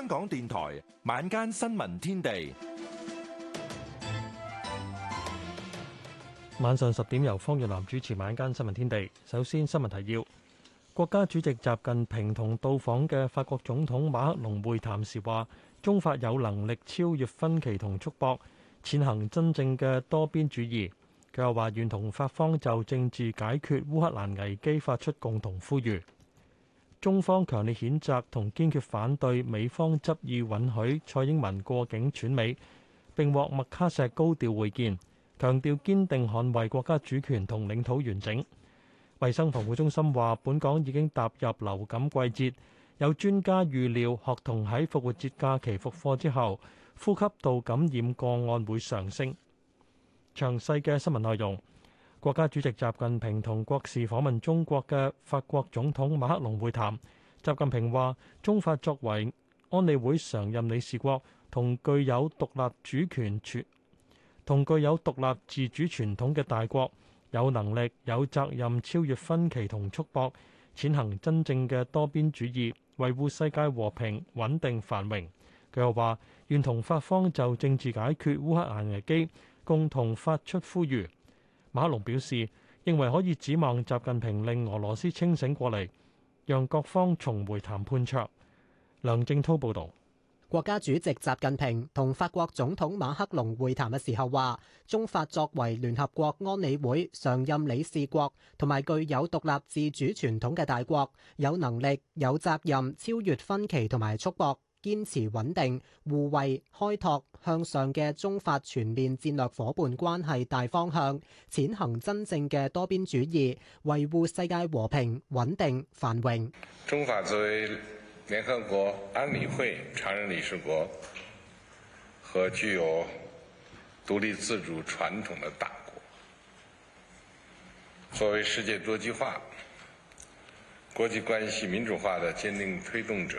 香港電台晚間新聞天地，晚上十點由方若男主持晚間新聞天地。首先新聞提要。國家主席習近平同到訪嘅法國總統馬克龍會談時話，中法有能力超越分歧同束縛，踐行真正嘅多邊主義。佢又話願同法方就政治解決烏克蘭危機發出共同呼籲。中方強烈國家主席習近平同國事訪問中國嘅法國總統馬克龍會談。習近平話：中法作為安理會常任理事國，同具有獨立主權、同具有獨立自主傳統嘅大國，有能力有責任超越分歧同束縛，踐行真正嘅多邊主義，維護世界和平穩定繁榮。佢又話：願同法方就政治解決烏克蘭危機共同發出呼籲。馬克龍表示，認為可以指望習近平令俄羅斯清醒過嚟，讓各方重回談判桌。梁正濤報道，國家主席習近平同法國總統馬克龍會談嘅時候話，中法作為聯合國安理會常任理事國，同埋具有獨立自主傳統嘅大國，有能力有責任超越分歧同埋束縛。堅持穩定、互惠、開拓、向上嘅中法全面戰略夥伴關係大方向，踐行真正嘅多邊主義，維護世界和平、穩定、繁榮。中法作為聯合國安理會常任理事國和具有獨立自主傳統嘅大國，作為世界多極化、國際關係民主化嘅堅定推動者。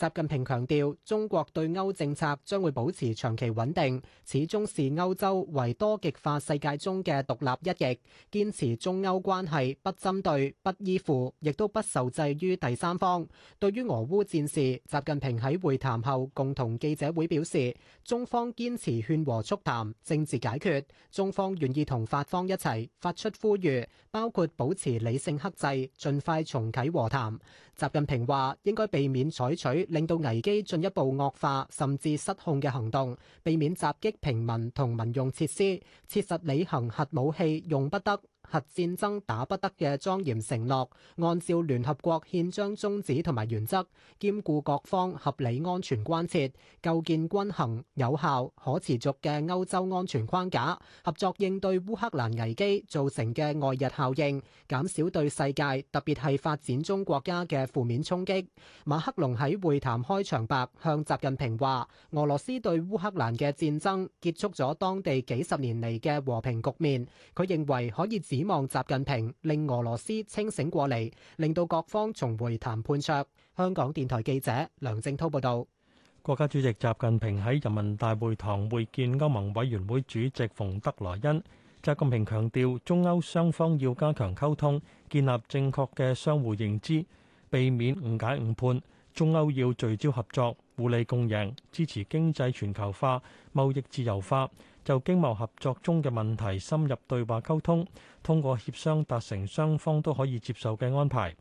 習近平強調，中國對歐政策將會保持長期穩定，始終視歐洲為多極化世界中嘅獨立一役。堅持中歐關係不針對、不依附，亦都不受制於第三方。對於俄烏戰事，習近平喺會談後共同記者會表示，中方堅持勸和促談、政治解決，中方願意同法方一齊發出呼籲，包括保持理性克制、盡快重啟和談。習近平話：應該避免採取。令到危機進一步惡化，甚至失控嘅行動，避免襲擊平民同民用設施，切實履行核武器用不得，核戰爭打不得嘅莊嚴承諾，按照聯合國憲章宗旨同埋原則，兼顧各方合理安全關切，構建均衡、有效、可持續嘅歐洲安全框架，合作應對烏克蘭危機造成嘅外日效應，減少對世界特別係發展中國家嘅負面衝擊。馬克龍喺會談開場白向習近平話：俄羅斯對烏克蘭嘅戰爭結束咗當地幾十年嚟嘅和平局面。佢認為可以自指望習近平令俄羅斯清醒過嚟，令到各方重回談判桌。香港電台記者梁正滔報道，國家主席習近平喺人民大會堂會見歐盟委員會主席馮德萊恩。習近平強調，中歐雙方要加強溝通，建立正確嘅相互認知，避免誤解誤判。中歐要聚焦合作，互利共贏，支持經濟全球化、貿易自由化。就經貿合作中嘅問題深入對話溝通，通過協商達成雙方都可以接受嘅安排。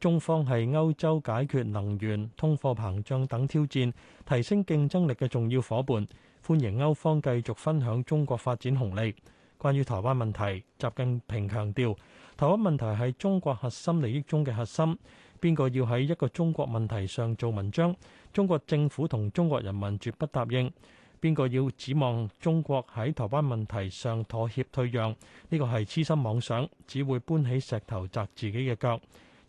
中方係歐洲解決能源、通貨膨脹等挑戰、提升競爭力嘅重要夥伴，歡迎歐方繼續分享中國發展紅利。關於台灣問題，習近平強調，台灣問題係中國核心利益中嘅核心，邊個要喺一個中國問題上做文章，中國政府同中國人民絕不答應。邊個要指望中國喺台灣問題上妥協退讓？呢個係痴心妄想，只會搬起石頭砸自己嘅腳。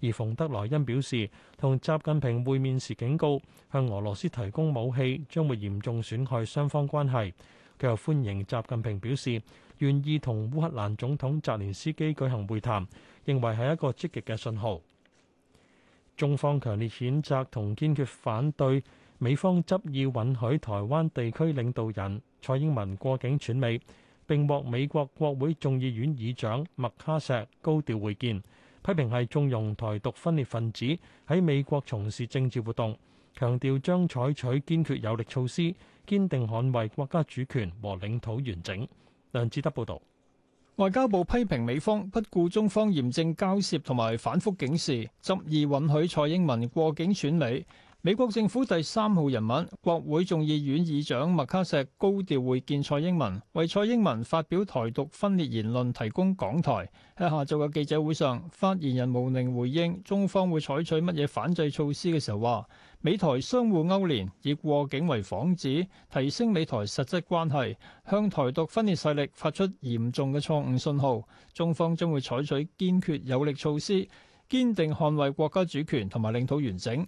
而馮德萊恩表示，同習近平會面時警告，向俄羅斯提供武器將會嚴重損害雙方關係。佢又歡迎習近平表示願意同烏克蘭總統澤連斯基舉行會談，認為係一個積極嘅信號。中方強烈譴責同堅決反對。美方執意允許台灣地區領導人蔡英文過境竄美，並獲美國國會眾議院議長麥卡錫高調會見，批評係縱容台獨分裂分子喺美國從事政治活動，強調將採取堅決有力措施，堅定捍衛國家主權和領土完整。梁志德報道。外交部批評美方不顧中方嚴正交涉同埋反覆警示，執意允許蔡英文過境竄美。美國政府第三號人物，國會眾議院議長麥卡錫高調會見蔡英文，為蔡英文發表台獨分裂言論提供港台。喺下晝嘅記者會上，發言人毛寧回應中方會採取乜嘢反制措施嘅時候，話美台相互勾連，以過境為幌子，提升美台實質關係，向台獨分裂勢力發出嚴重嘅錯誤信號。中方將會採取堅決有力措施，堅定捍衛國家主權同埋領土完整。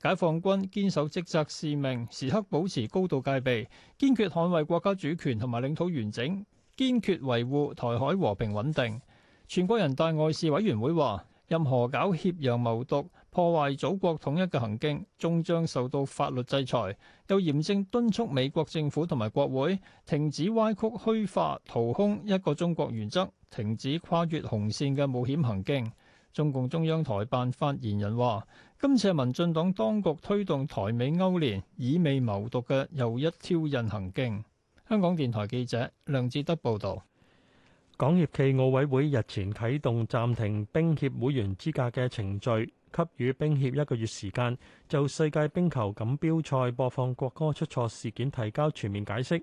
解放軍堅守職責使命，時刻保持高度戒備，堅決捍衛國家主權同埋領土完整，堅決維護台海和平穩定。全國人大外事委員會話：任何搞挾洋謀獨、破壞祖國統一嘅行徑，終將受到法律制裁。又嚴正敦促美國政府同埋國會停止歪曲虛化掏空一個中國原則，停止跨越紅線嘅冒險行徑。中共中央台辦發言人話。今次民進黨當局推動台美勾連、以美謀獨嘅又一挑釁行徑。香港電台記者梁志德報導，港協暨奧委會日前啟動暫停冰協會員資格嘅程序，給予冰協一個月時間就世界冰球錦標賽播放國歌出錯事件提交全面解釋。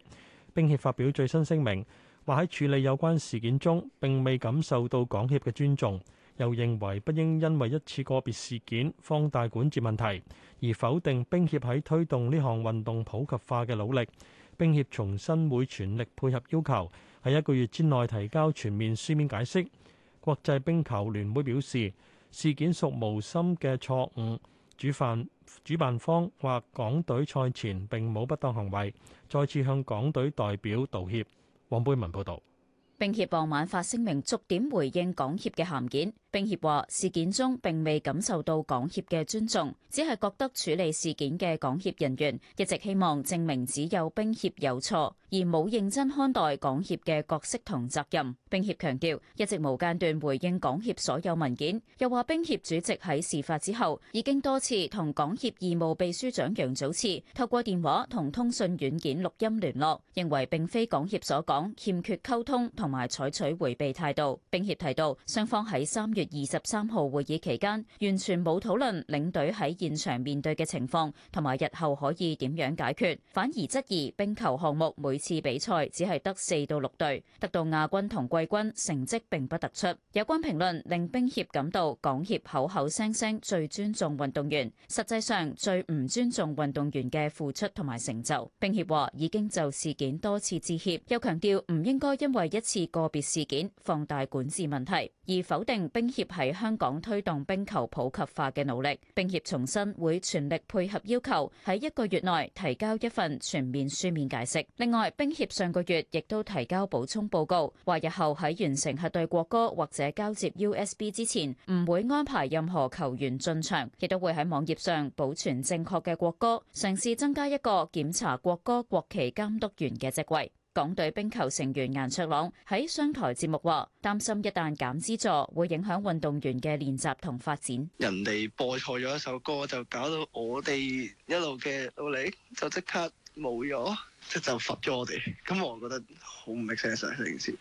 冰協發表最新聲明，話喺處理有關事件中並未感受到港協嘅尊重。又認為不應因為一次個別事件放大管治問題，而否定冰協喺推動呢項運動普及化嘅努力。冰協重申會全力配合要求，喺一個月之內提交全面書面解釋。國際冰球聯會表示，事件屬無心嘅錯誤，主辦主辦方或港隊賽前並冇不當行為，再次向港隊代表道歉。黃貝文報導。冰協傍晚發聲明，逐點回應港協嘅函件，冰協話，事件中並未感受到港協嘅尊重，只係覺得處理事件嘅港協人員，一直希望證明只有冰協有錯，而冇認真看待港協嘅角色同責任。冰協二十三號會議期間，完全冇討論領隊喺現場面對嘅情況，同埋日後可以點樣解決，反而質疑冰球項目每次比賽只係得四到六隊，得到亞軍同季軍成績並不突出。有關評論令冰協感到港協口口聲聲最尊重運動員，實際上最唔尊重運動員嘅付出同埋成就。冰協話已經就事件多次致歉，又強調唔應該因為一次個別事件放大管治問題，而否定冰協。協喺香港推動冰球普及化嘅努力，冰協重申會全力配合要求，喺一個月內提交一份全面書面解釋。另外，冰協上個月亦都提交補充報告，話日後喺完成核對國歌或者交接 USB 之前，唔會安排任何球員進場，亦都會喺網頁上保存正確嘅國歌，嘗試增加一個檢查國歌國旗監督員嘅職位。港隊冰球成員顏卓朗喺商台節目話，擔心一旦減資助，會影響運動員嘅練習同發展。人哋播錯咗一首歌，就搞到我哋一路嘅努力，就即刻冇咗，即就罰咗我哋。咁我覺得好唔 respect 成件事。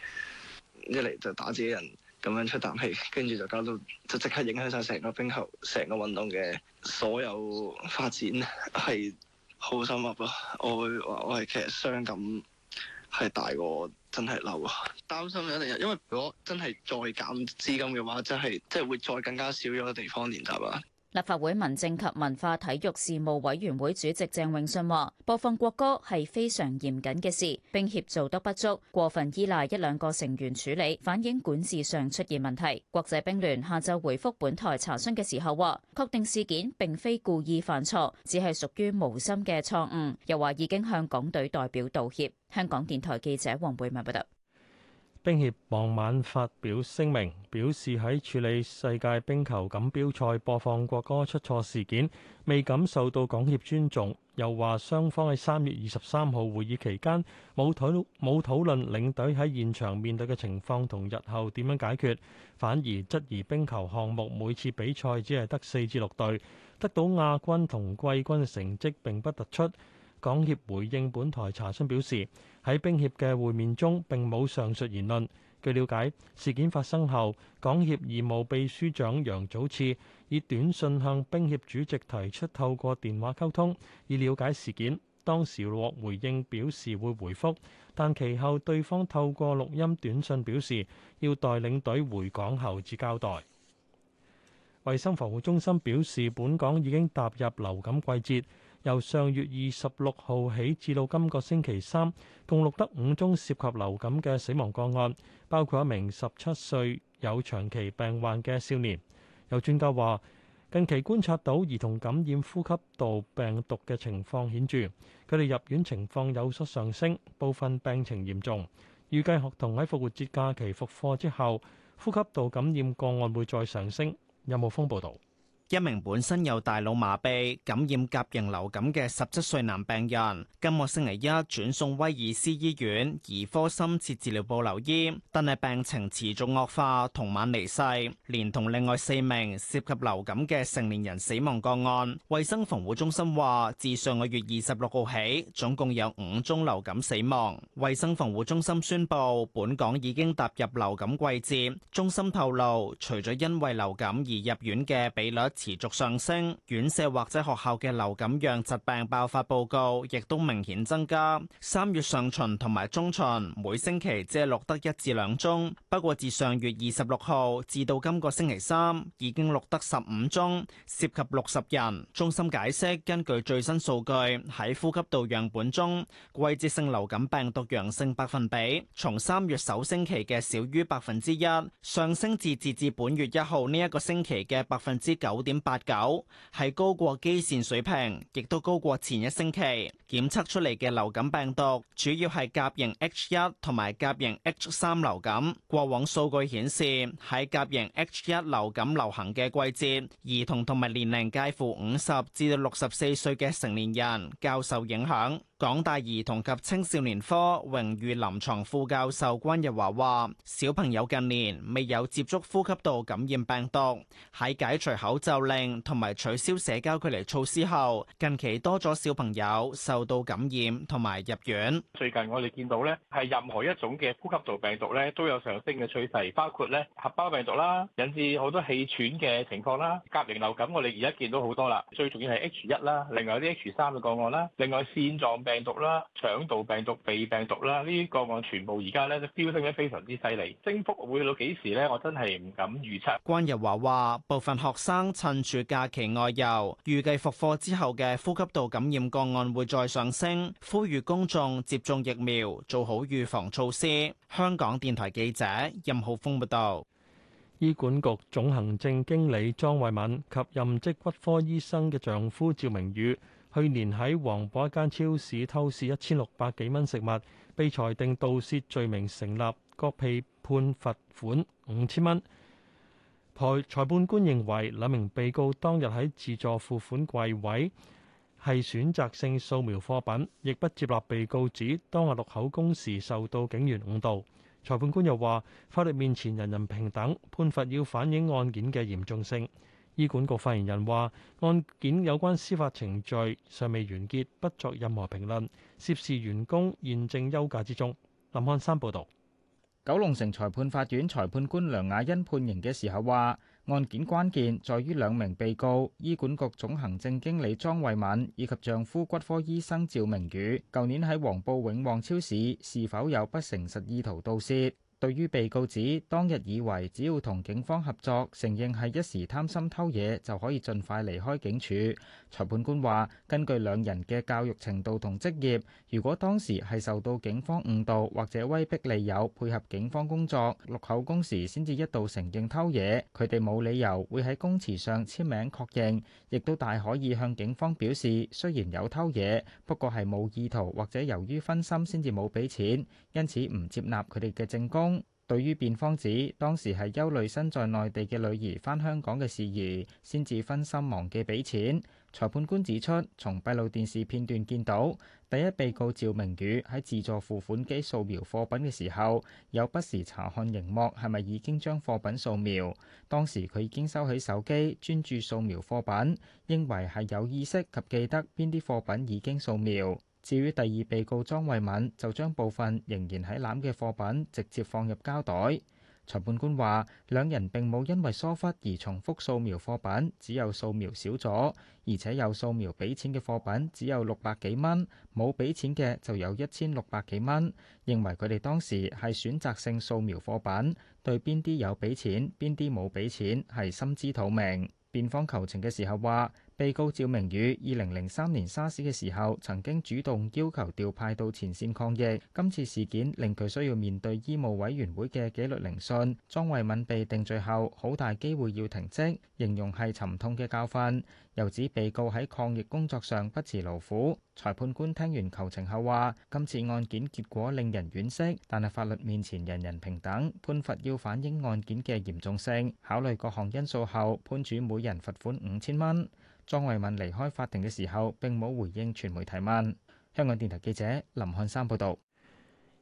一嚟，就打自己人咁樣出啖氣，跟住就搞到就即刻影響晒成個冰球、成個運動嘅所有發展，係好深入咯。我會話我係其實傷感。係大過我真係嬲啊！擔心一定，日，因為如果真係再減資金嘅話，真係即係會再更加少咗地方練習啊。立法會民政及文化體育事務委員會主席鄭永信話：播放國歌係非常嚴謹嘅事，并協做得不足，過分依賴一兩個成員處理，反映管治上出現問題。國際冰聯下晝回复本台查詢嘅時候話，確定事件並非故意犯錯，只係屬於無心嘅錯誤，又話已經向港隊代表道歉。香港電台記者黃貝文報道。冰協傍晚發表聲明，表示喺處理世界冰球錦標賽播放國歌出錯事件，未感受到港協尊重。又話雙方喺三月二十三號會議期間，冇討冇討論領隊喺現場面對嘅情況同日後點樣解決，反而質疑冰球項目每次比賽只係得四至六隊，得到亞軍同季軍嘅成績並不突出。港協回應本台查詢表示，喺冰協嘅會面中並冇上述言論。據了解，事件發生後，港協義務秘書長楊祖次以短信向冰協主席提出透過電話溝通以了解事件，當時獲回應表示會回覆，但其後對方透過錄音短信表示要待領隊回港後至交代。衞生防護中心表示，本港已經踏入流感季節。由上月二十六號起至到今個星期三，共錄得五宗涉及流感嘅死亡個案，包括一名十七歲有長期病患嘅少年。有專家話，近期觀察到兒童感染呼吸道病毒嘅情況顯著，佢哋入院情況有所上升，部分病情嚴重。預計學童喺復活節假期復課之後，呼吸道感染個案會再上升。任浩峯報導。一名本身有大腦麻痹、感染甲型流感嘅十七歲男病人，今個星期一轉送威爾斯醫院兒科深切治療部留醫，但係病情持續惡化，同晚離世。連同另外四名涉及流感嘅成年人死亡個案，衛生防護中心話，自上個月二十六號起，總共有五宗流感死亡。衛生防護中心宣布，本港已經踏入流感季節。中心透露，除咗因為流感而入院嘅比率，持續上升，院舍或者學校嘅流感樣疾病爆發報告亦都明顯增加。三月上旬同埋中旬每星期只係錄得一至兩宗，不過自上月二十六號至到今個星期三，已經錄得十五宗，涉及六十人。中心解釋，根據最新數據，喺呼吸道樣本中，季節性流感病毒陽性百分比從三月首星期嘅少於百分之一，上升至截至本月一號呢一個星期嘅百分之九點八九係高過基線水平，亦都高過前一星期。檢測出嚟嘅流感病毒，主要係甲型 H 一同埋甲型 H 三流感。過往數據顯示，喺甲型 H 一流感流行嘅季節，兒童同埋年齡介乎五十至到六十四歲嘅成年人較受影響。港大兒童及青少年科榮譽臨床副教授關日華話，小朋友近年未有接觸呼吸道感染病毒，喺解除口罩令同埋取消社交距離措施後，近期多咗小朋友受到感染同埋入院。最近我哋見到咧，係任何一種嘅呼吸道病毒咧都有上升嘅趨勢，包括咧合胞病毒啦，引致好多氣喘嘅情況啦，甲型流感我哋而家見到好多啦，最重要係 H 一啦，另外有啲 H 三嘅個案啦，另外腺狀病病毒啦、腸道病毒、鼻病毒啦，呢啲個案全部而家咧都飆升得非常之犀利，升幅會到幾時呢？我真係唔敢預測。關日華話：部分學生趁住假期外遊，預計復課之後嘅呼吸道感染個案會再上升，呼籲公眾接種疫苗，做好預防措施。香港電台記者任浩峰報道。醫管局總行政經理莊慧敏及任職骨科醫生嘅丈夫趙明宇。去年喺黃埔一間超市偷竊一千六百幾蚊食物，被裁定盜竊罪名成立，各被判罰款五千蚊。裁判官認為兩名被告當日喺自助付款櫃位係選擇性掃描貨品，亦不接納被告指當日錄口供時受到警員誤導。裁判官又話：法律面前人人平等，判罰要反映案件嘅嚴重性。醫管局發言人話：案件有關司法程序尚未完結，不作任何評論。涉事員工現正休假之中。林漢山報道。九龍城裁判法院裁判官梁雅欣判刑嘅時候話：案件關鍵在於兩名被告，醫管局總行政經理莊慧敏以及丈夫骨科醫生趙明宇，舊年喺黃埔永旺超市是否有不誠實意圖盜竊？對於被告指當日以為只要同警方合作，承認係一時貪心偷嘢就可以盡快離開警署，裁判官話：根據兩人嘅教育程度同職業，如果當時係受到警方誤導或者威逼利誘配合警方工作落口供時先至一度承認偷嘢，佢哋冇理由會喺供詞上簽名確認，亦都大可以向警方表示雖然有偷嘢，不過係冇意圖或者由於分心先至冇俾錢，因此唔接納佢哋嘅證供。對於辯方指當時係憂慮身在內地嘅女兒返香港嘅事宜，先至分心忘記俾錢。裁判官指出，從閉路電視片段見到，第一被告趙明宇喺自助付款機掃描貨品嘅時候，有不時查看熒幕係咪已經將貨品掃描。當時佢已經收起手機，專注掃描貨品，認為係有意識及記得邊啲貨品已經掃描。至於第二被告莊慧敏，就將部分仍然喺攬嘅貨品直接放入膠袋。裁判官話：兩人並冇因為疏忽而重複掃描貨品，只有掃描少咗，而且有掃描俾錢嘅貨品只有六百幾蚊，冇俾錢嘅就有一千六百幾蚊。認為佢哋當時係選擇性掃描貨品，對邊啲有俾錢，邊啲冇俾錢，係心知肚明。辯方求情嘅時候話：被告趙明宇，二零零三年沙士嘅時候，曾經主動要求調派到前線抗疫。今次事件令佢需要面對醫務委員會嘅紀律聆訊。莊慧敏被定罪後，好大機會要停職，形容係沉痛嘅教訓。又指被告喺抗疫工作上不辭勞苦。裁判官聽完求情後話：今次案件結果令人惋惜，但係法律面前人人平等，判罰要反映案件嘅嚴重性。考慮各項因素後，判處每人罰款五千蚊。莊慧敏離開法庭嘅時候，並冇回應傳媒提問。香港電台記者林漢山報道：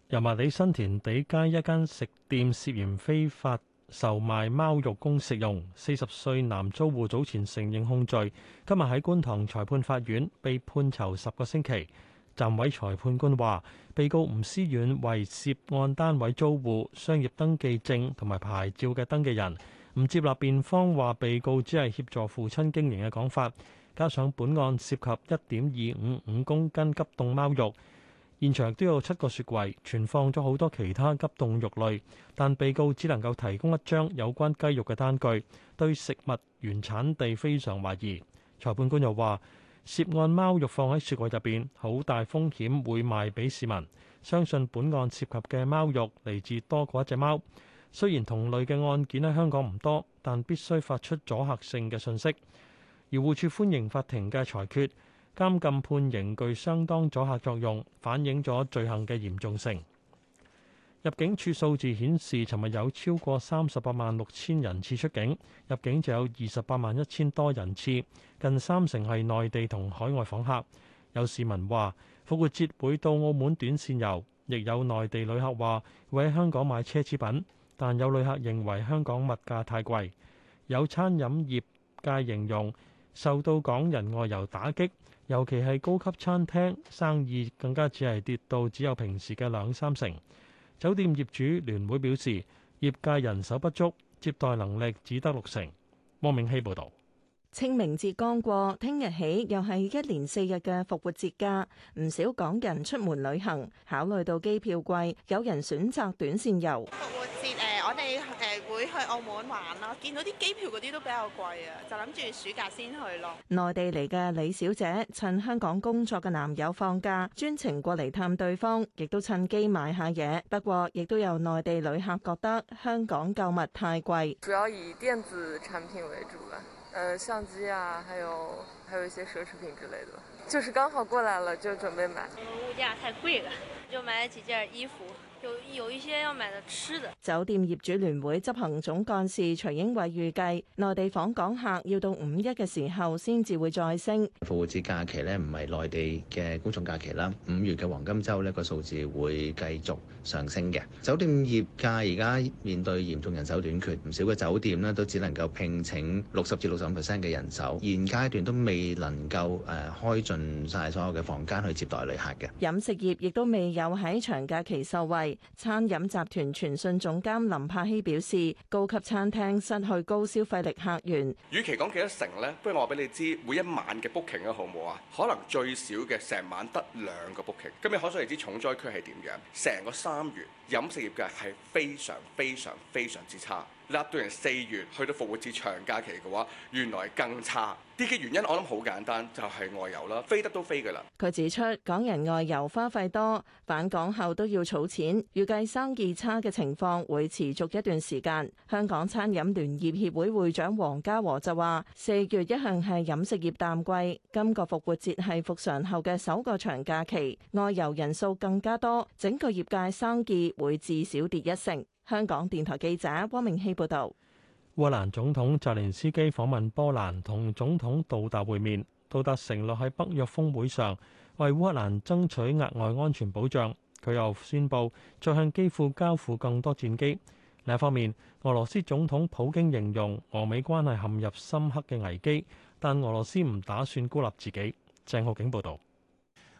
油麻地新填地街一間食店涉嫌非法售賣貓肉供食用，四十歲男租戶早前承認控罪，今日喺觀塘裁判法院被判囚十個星期。暫委裁判官話：被告吳思遠為涉案單位租戶、商業登記證同埋牌照嘅登記人。唔接納辯方話被告只係協助父親經營嘅講法，加上本案涉及一點二五五公斤急凍貓肉，現場都有七個雪櫃存放咗好多其他急凍肉類，但被告只能夠提供一張有關雞肉嘅單據，對食物原產地非常懷疑。裁判官又話，涉案貓肉放喺雪櫃入邊，好大風險會賣俾市民，相信本案涉及嘅貓肉嚟自多過一隻貓。雖然同類嘅案件喺香港唔多，但必須發出阻嚇性嘅訊息。而護處歡迎法庭嘅裁決監禁判刑，具相當阻嚇作用，反映咗罪行嘅嚴重性。入境處數字顯示，尋日有超過三十八萬六千人次出境，入境就有二十八萬一千多人次，近三成係內地同海外訪客。有市民話復活節會到澳門短線遊，亦有內地旅客話會喺香港買奢侈品。但有旅客認為香港物價太貴，有餐飲業界形容受到港人外遊打擊，尤其係高級餐廳生意更加只係跌到只有平時嘅兩三成。酒店業主聯會表示，業界人手不足，接待能力只得六成。汪明希報導。清明節剛過，聽日起又係一連四日嘅復活節假，唔少港人出門旅行。考慮到機票貴，有人選擇短線遊。復活節誒，我哋誒會去澳門玩咯。見到啲機票嗰啲都比較貴啊，就諗住暑假先去咯。內地嚟嘅李小姐趁香港工作嘅男友放假，專程過嚟探對方，亦都趁機買下嘢。不過，亦都有內地旅客覺得香港購物太貴，主要以電子產品為主啦。呃，相機啊，還有還有一些奢侈品之類的，就是剛好過來了，就準備買。物價太貴了，就買了幾件衣服。有一些要買的吃的。酒店業主聯會執行總幹事徐英偉預計，內地訪港客要到五一嘅時候先至會再升。復活節假期呢，唔係內地嘅公眾假期啦，五月嘅黃金週呢，個數字會繼續上升嘅。酒店業界而家面對嚴重人手短缺，唔少嘅酒店呢都只能夠聘請六十至六十五 percent 嘅人手，現階段都未能夠誒開盡晒所有嘅房間去接待旅客嘅。飲食業亦都未有喺長假期受惠。餐飲集團傳訊總監林柏希表示：高級餐廳失去高消費力客源，與其講幾多成呢？不如我話俾你知，每一晚嘅 booking 啊，好唔好啊？可能最少嘅成晚得兩個 booking。咁你可想而知重災區係點樣？成個三月，飲食業界係非常非常非常之差。諗到人四月去到復活節長假期嘅話，原來更差。啲嘅原因我諗好簡單就係外遊啦，飛得都飛噶啦。佢指出，港人外遊花費多，返港後都要儲錢，預計生意差嘅情況會持續一段時間。香港餐飲聯業協會會長黃家和就話四月一向係飲食業淡季，今個復活節係復常後嘅首個長假期，外遊人數更加多，整個業界生意會至少跌一成。香港電台記者汪明希報道：烏克蘭總統澤連斯基訪問波蘭，同總統杜達會面。杜達承諾喺北約峰會上為烏克蘭爭取額外安全保障。佢又宣布再向基輔交付更多戰機。另一方面，俄羅斯總統普京形容俄美關係陷入深刻嘅危機，但俄羅斯唔打算孤立自己。鄭浩景報道。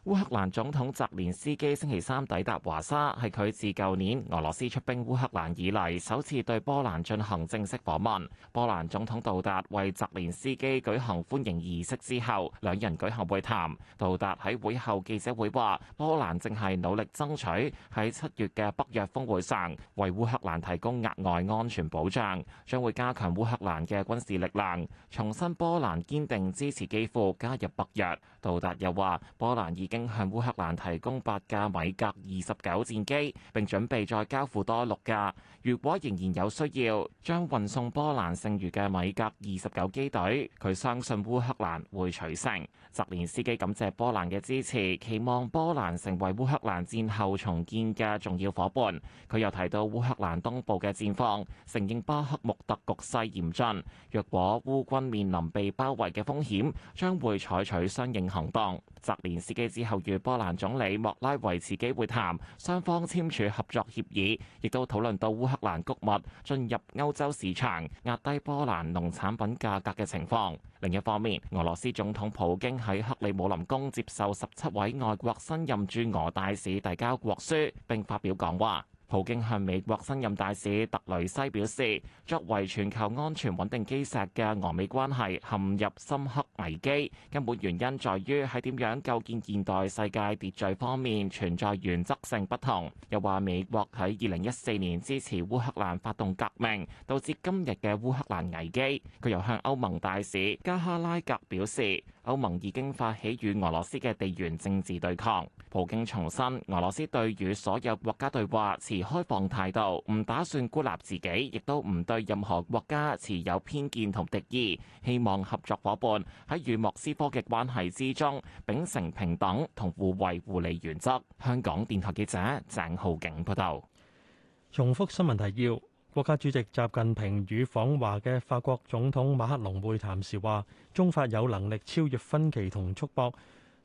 烏克蘭總統澤連斯基星期三抵達華沙，係佢自舊年俄羅斯出兵烏克蘭以嚟首次對波蘭進行正式訪問。波蘭總統杜達為澤連斯基舉行歡迎儀式之後，兩人舉行會談。杜達喺會後記者會話：波蘭正係努力爭取喺七月嘅北約峰會上為烏克蘭提供額外安全保障，將會加強烏克蘭嘅軍事力量，重申波蘭堅定支持基輔加入北約。杜達又話，波蘭已經向烏克蘭提供八架米格二十九戰機，並準備再交付多六架。如果仍然有需要，將運送波蘭剩餘嘅米格二十九機隊，佢相信烏克蘭會取勝，澤連斯基感謝波蘭嘅支持，期望波蘭成為烏克蘭戰後重建嘅重要夥伴。佢又提到烏克蘭東部嘅戰況，承認巴克穆特局勢嚴峻。若果烏軍面臨被包圍嘅風險，將會採取相應行動。澤連斯基之後與波蘭總理莫拉維茨基會談，雙方簽署合作協議，亦都討論到烏克蘭穀物進入歐洲市場壓低波蘭農產品價格嘅情況。另一方面，俄羅斯總統普京喺克里姆林宮接受十七位外國新任駐俄大使遞交國書，並發表講話。普京向美國新任大使特雷西表示，作為全球安全穩定基石嘅俄美關係陷入深刻危機，根本原因在於喺點樣構建現代世界秩序方面存在原則性不同。又話美國喺二零一四年支持烏克蘭發動革命，導致今日嘅烏克蘭危機。佢又向歐盟大使加哈拉格表示，歐盟已經發起與俄羅斯嘅地緣政治對抗。普京重申，俄羅斯對與所有國家對話持開放態度，唔打算孤立自己，亦都唔對任何國家持有偏見同敵意，希望合作伙伴喺與莫斯科嘅關係之中，秉承平等同互惠互利原則。香港電台記者鄭浩景報道。重複新聞提要：國家主席習近平與訪華嘅法國總統馬克龍會談時話，中法有能力超越分歧同束縛。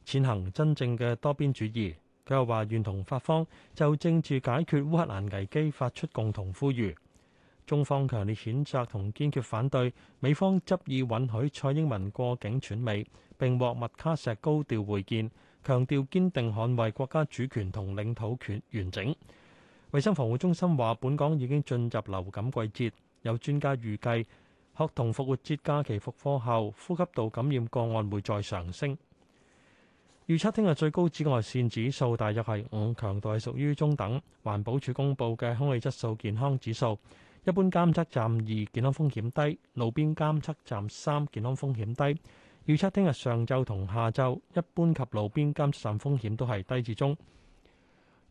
踐行真正嘅多邊主義，佢又話願同法方就政治解決烏克蘭危機發出共同呼籲。中方強烈譴責同堅決反對美方執意允許蔡英文過境轉美，並獲麥卡錫高調會見，強調堅定捍衛國家主權同領土權完整。衛生防護中心話本港已經進入流感季節，有專家預計學童復活節假期復課後呼吸道感染個案會再上升。預測聽日最高紫外線指數大約係五，強度係屬於中等。環保署公布嘅空氣質素健康指數，一般監測站，二，健康風險低，路邊監測站，三，健康風險低。預測聽日上晝同下晝一般及路邊監測站風險都係低至中。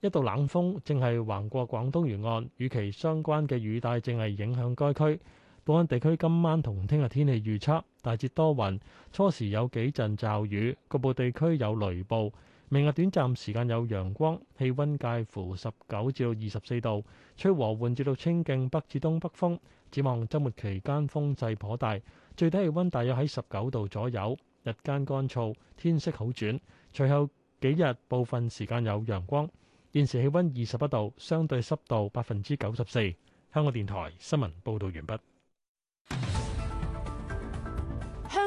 一道冷鋒正係橫過廣東沿岸，與其相關嘅雨帶正係影響該區。本港地區今晚同聽日天氣預測大致多雲，初時有幾陣驟雨，局部地區有雷暴。明日短暫時間有陽光，氣温介乎十九至到二十四度，吹和緩至到清勁北至東北風。展望週末期間風勢頗大，最低氣温大約喺十九度左右，日間乾燥，天色好轉。隨後幾日部分時間有陽光。現時氣温二十一度，相對濕度百分之九十四。香港電台新聞報導完畢。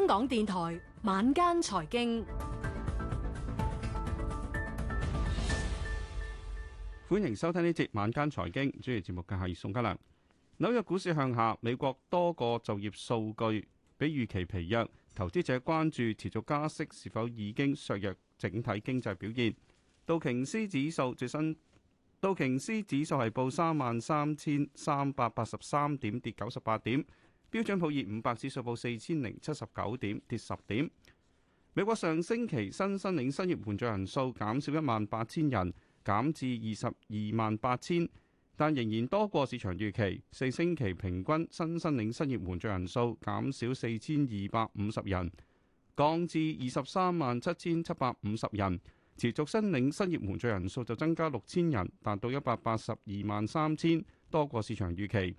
港電台晚間財經，歡迎收聽呢節晚間財經。主持節目嘅係宋嘉良。紐約股市向下，美國多個就業數據比預期疲弱，投資者關注持續加息是否已經削弱整體經濟表現。道瓊斯指數最新，道瓊斯指數係報三萬三千三百八十三點，跌九十八點。標準普爾五百指數報四千零七十九點，跌十點。美國上星期新申領失業援助人數減少一萬八千人，減至二十二萬八千，但仍然多過市場預期。四星期平均新申領失業援助人數減少四千二百五十人，降至二十三萬七千七百五十人。持續申領失業援助人數就增加六千人，達到一百八十二萬三千，多過市場預期。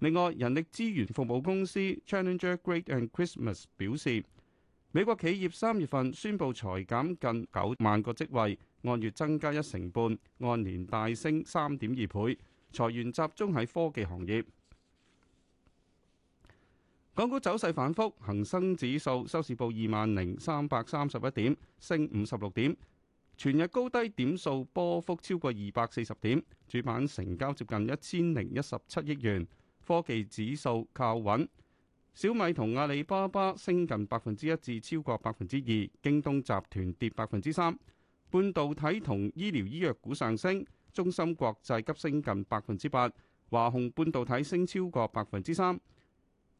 另外，人力資源服務公司 Challenger Gray and Christmas 表示，美國企業三月份宣布裁減近九萬個職位，按月增加一成半，按年大升三點二倍，裁員集中喺科技行業。港股走勢反覆，恒生指數收市報二萬零三百三十一點，升五十六點，全日高低點數波幅超過二百四十點，主板成交接近一千零一十七億元。科技指數靠穩，小米同阿里巴巴升近百分之一至超過百分之二，京東集團跌百分之三。半導體同醫療醫藥股上升，中芯國際急升近百分之八，華虹半導體升超過百分之三，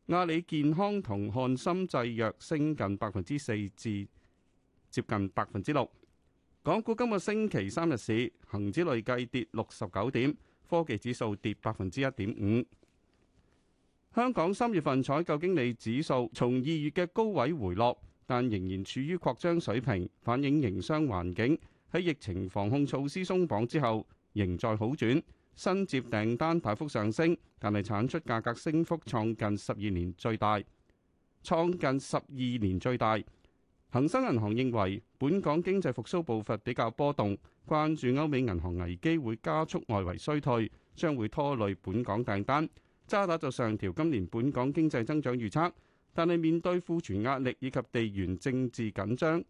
阿里健康同翰森製藥升近百分之四至接近百分之六。港股今日星期三日市，恒指累計跌六十九點，科技指數跌百分之一點五。香港三月份採購經理指數從二月嘅高位回落，但仍然處於擴張水平，反映營商環境喺疫情防控措施鬆綁之後仍在好轉，新接訂單大幅上升，但係產出價格升幅創近十二年最大，創近十二年最大。恒生銀行認為本港經濟復甦步伐比較波動，關注歐美銀行危機會加速外圍衰退，將會拖累本港訂單。渣打就上調今年本港經濟增長預測，但係面對庫存壓力以及地緣政治緊張，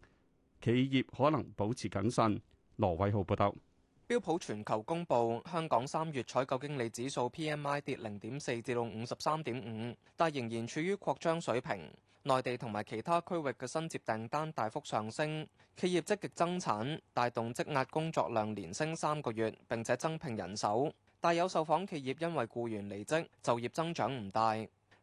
企業可能保持謹慎。羅偉浩報道。標普全球公布香港三月採購經理指數 PMI 跌零點四至到五十三點五，但仍然處於擴張水平。內地同埋其他區域嘅新接訂單大幅上升，企業積極增產，帶動積壓工作量連升三個月，並且增聘人手。大有受訪企業因為僱員離職，就業增長唔大。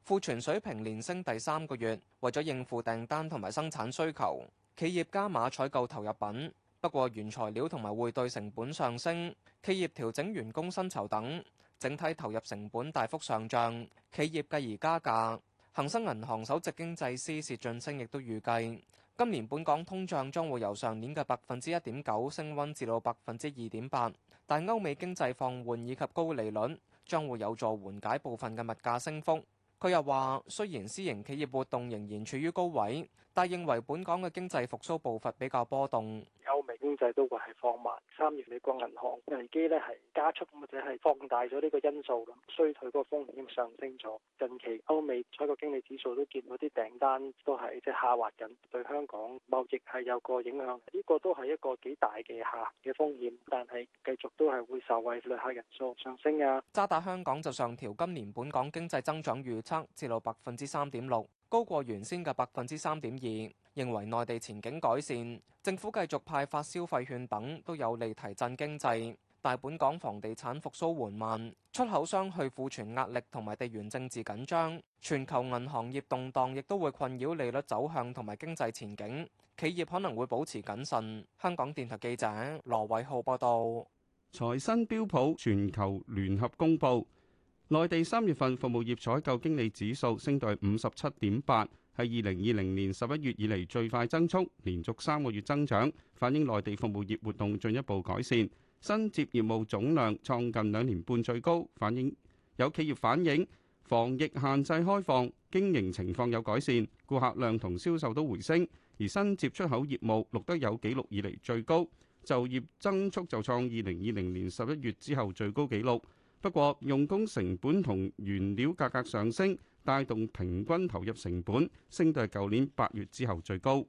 庫存水平連升第三個月，為咗應付訂單同埋生產需求，企業加碼採購投入品。不過原材料同埋匯兌成本上升，企業調整員工薪酬等，整體投入成本大幅上漲，企業繼而加價。恒生銀行首席經濟師薛俊升亦都預計，今年本港通脹將會由上年嘅百分之一點九升溫至到百分之二點八。但歐美經濟放緩以及高利率將會有助緩解部分嘅物價升幅。佢又話，雖然私營企業活動仍然處於高位，但認為本港嘅經濟復甦步伐比較波動。經濟都會係放慢，三月美國銀行危機咧係加速或者係放大咗呢個因素，咁衰退嗰個風險上升咗。近期歐美採購經理指數都見到啲訂單都係即係下滑緊，對香港貿易係有個影響。呢個都係一個幾大嘅下行嘅風險，但係繼續都係會受惠旅客人數上升啊。渣打香港就上調今年本港經濟增長預測至到百分之三點六，高過原先嘅百分之三點二。認為內地前景改善，政府繼續派發消費券等都有利提振經濟。大本港房地產復甦緩慢，出口商去庫存壓力同埋地緣政治緊張，全球銀行業動盪亦都會困擾利率走向同埋經濟前景。企業可能會保持謹慎。香港電台記者羅偉浩報道。財新標普全球聯合公布，內地三月份服務業採購經理指數升到五十七點八。係二零二零年十一月以嚟最快增速，連續三個月增長，反映內地服務業活動進一步改善。新接業務總量創近兩年半最高，反映有企業反映防疫限制開放經營情況有改善，顧客量同銷售都回升。而新接出口業務錄得有紀錄以嚟最高，就業增速就創二零二零年十一月之後最高紀錄。不過用工成本同原料價格上升，帶動平均投入成本升到係舊年八月之後最高。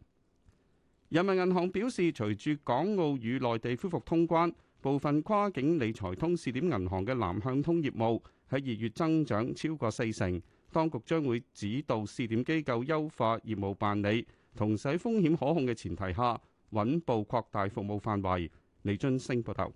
人民銀行表示，隨住港澳與內地恢復通關，部分跨境理財通試點銀行嘅南向通業務喺二月增長超過四成。當局將會指導試點機構優化業務辦理，同使風險可控嘅前提下，穩步擴大服務範圍。李津升報道。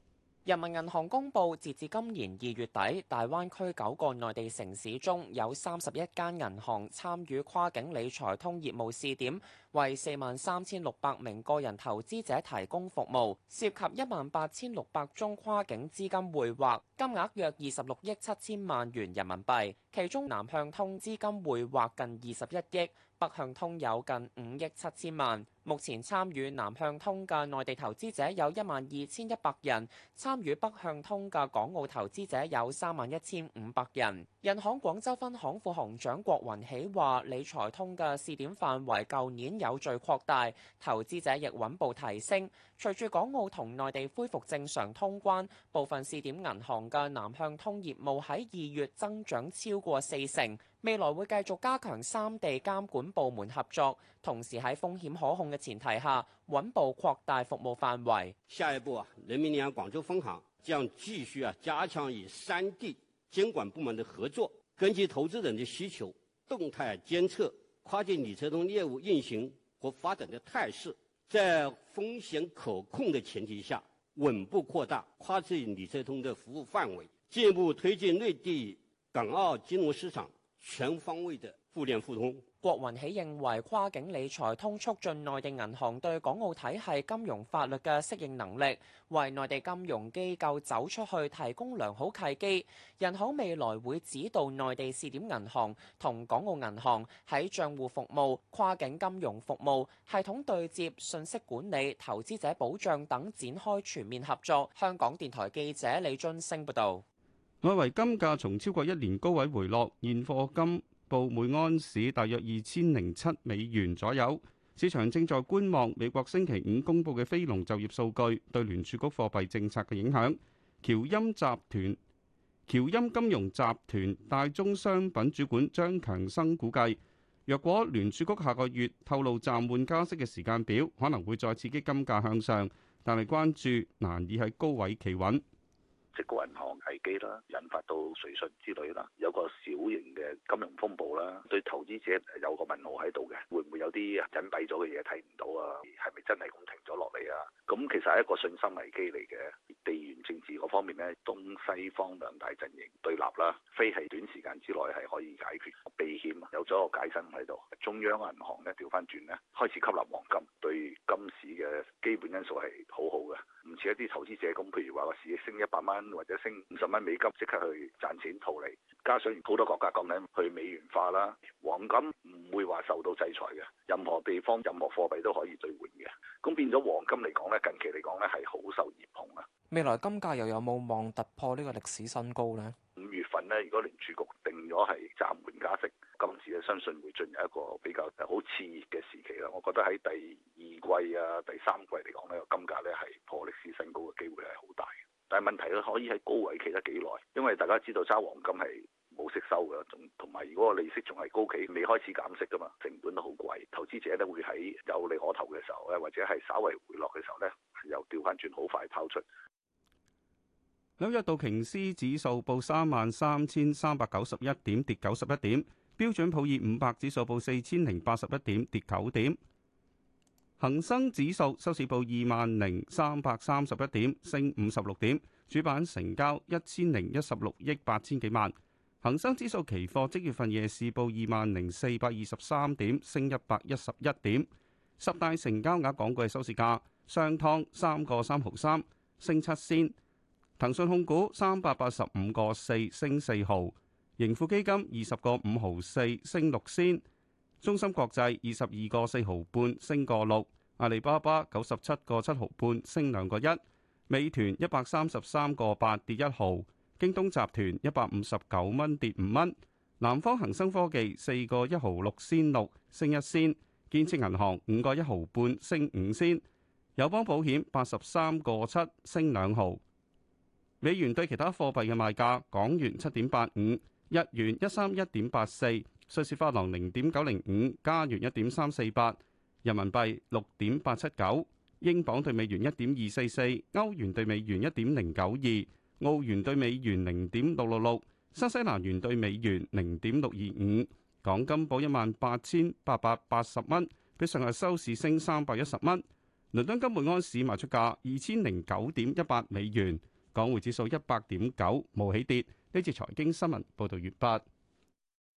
人民銀行公佈，截至今年二月底，大灣區九個內地城市中有三十一間銀行參與跨境理財通業務試點，為四萬三千六百名個人投資者提供服務，涉及一萬八千六百宗跨境資金匯劃，金額約二十六億七千萬元人民幣，其中南向通資金匯劃近二十一億。北向通有近五億七千萬，目前參與南向通嘅內地投資者有一萬二千一百人，參與北向通嘅港澳投資者有三萬一千五百人。人行廣州分行副行長郭雲喜話，理財通嘅試點範圍舊年有序擴大，投資者亦穩步提升。隨住港澳同內地恢復正常通關，部分試點銀行嘅南向通業務喺二月增長超過四成。未來會繼續加強三地監管部門合作，同時喺風險可控嘅前提下穩步擴大服務範圍。下一步啊，人民銀行廣州分行將繼續啊加強與三地監管部門的合作，根據投資人的需求，動態監測跨境理財通業務運行和發展的態勢，在風險可控的前提下穩步擴大跨境理財通的服務範圍，進一步推進內地港澳金融市場。全方位的互聯互通。郭雲喜認為，跨境理財通促進內地銀行對港澳體系金融法律嘅適應能力，為內地金融機構走出去提供良好契機，人行未來會指導內地試點銀行同港澳銀行喺賬戶服務跨境金融服務系統對接、信息管理、投資者保障等展開全面合作。香港電台記者李津星報道。外圍金價從超過一年高位回落，現貨金報每安士大約二千零七美元左右。市場正在觀望美國星期五公佈嘅非農就業數據對聯儲局貨幣政策嘅影響。喬音集團、喬音金融集團大宗商品主管張強生估計，若果聯儲局下個月透露暫緩加息嘅時間表，可能會再刺激金價向上，但係關注難以喺高位企穩。即銀行危機啦，引發到瑞信之類啦，有個小型嘅金融風暴啦，對投資者有個問號喺度嘅，會唔會有啲隱蔽咗嘅嘢睇唔到啊？係咪真係咁停咗落嚟啊？咁其實係一個信心危機嚟嘅。地緣政治嗰方面呢，東西方兩大陣營對立啦，非係短時間之內係可以解決避險，有咗個解釋喺度。中央銀行呢，調翻轉呢，開始吸納黃金，對金市嘅基本因素係好好嘅，唔似一啲投資者咁，譬如話個市升一百蚊。或者升五十蚊美金，即刻去賺錢套利。加上好多國家講緊去美元化啦，黃金唔會話受到制裁嘅，任何地方任何貨幣都可以兌換嘅。咁變咗黃金嚟講咧，近期嚟講咧係好受熱捧啊！未來金價又有冇望突破呢個歷史新高咧？五月份咧，如果聯儲局定咗係暫緩加息，今次咧相信會進入一個比較好熾熱嘅時期啦。我覺得喺第二季啊、第三季嚟講咧，金價咧係破歷史新高嘅機會係好大。但係問題咧，可以喺高位企得幾耐？因為大家知道揸黃金係冇息收㗎，仲同埋如果個利息仲係高企，未開始減息噶嘛，成本都好貴。投資者咧會喺有利可圖嘅時候咧，或者係稍微回落嘅時候咧，又調翻轉好快拋出。紐約道瓊斯指數報三萬三千三百九十一點，跌九十一點；標準普爾五百指數報四千零八十一點，跌九點。恒生指數收市報二萬零三百三十一點，升五十六點，主板成交一千零一十六億八千幾萬。恒生指數期貨即月份夜市報二萬零四百二十三點，升一百一十一點。十大成交額港股嘅收市價，商湯三個三毫三，升七仙；騰訊控股三百八十五個四，升四毫；盈富基金二十個五毫四，升六仙。中芯國際二十二個四毫半升個六，阿里巴巴九十七個七毫半升兩個一，美團一百三十三個八跌一毫，京東集團一百五十九蚊跌五蚊，南方恒生科技四個一毫六仙六升一仙，建設銀行五個一毫半升五仙，友邦保險八十三個七升兩毫，美元對其他貨幣嘅賣價，港元七點八五，日元一三一點八四。瑞士法郎零點九零五，加元一點三四八，人民幣六點八七九，英鎊兌美元一點二四四，歐元兌美元一點零九二，澳元兌美元零點六六六，新西蘭元兌美元零點六二五。港金報一萬八千八百八十蚊，比上日收市升三百一十蚊。倫敦金每安市賣出價二千零九點一八美元。港匯指數一百點九，冇起跌。呢次財經新聞報道完畢。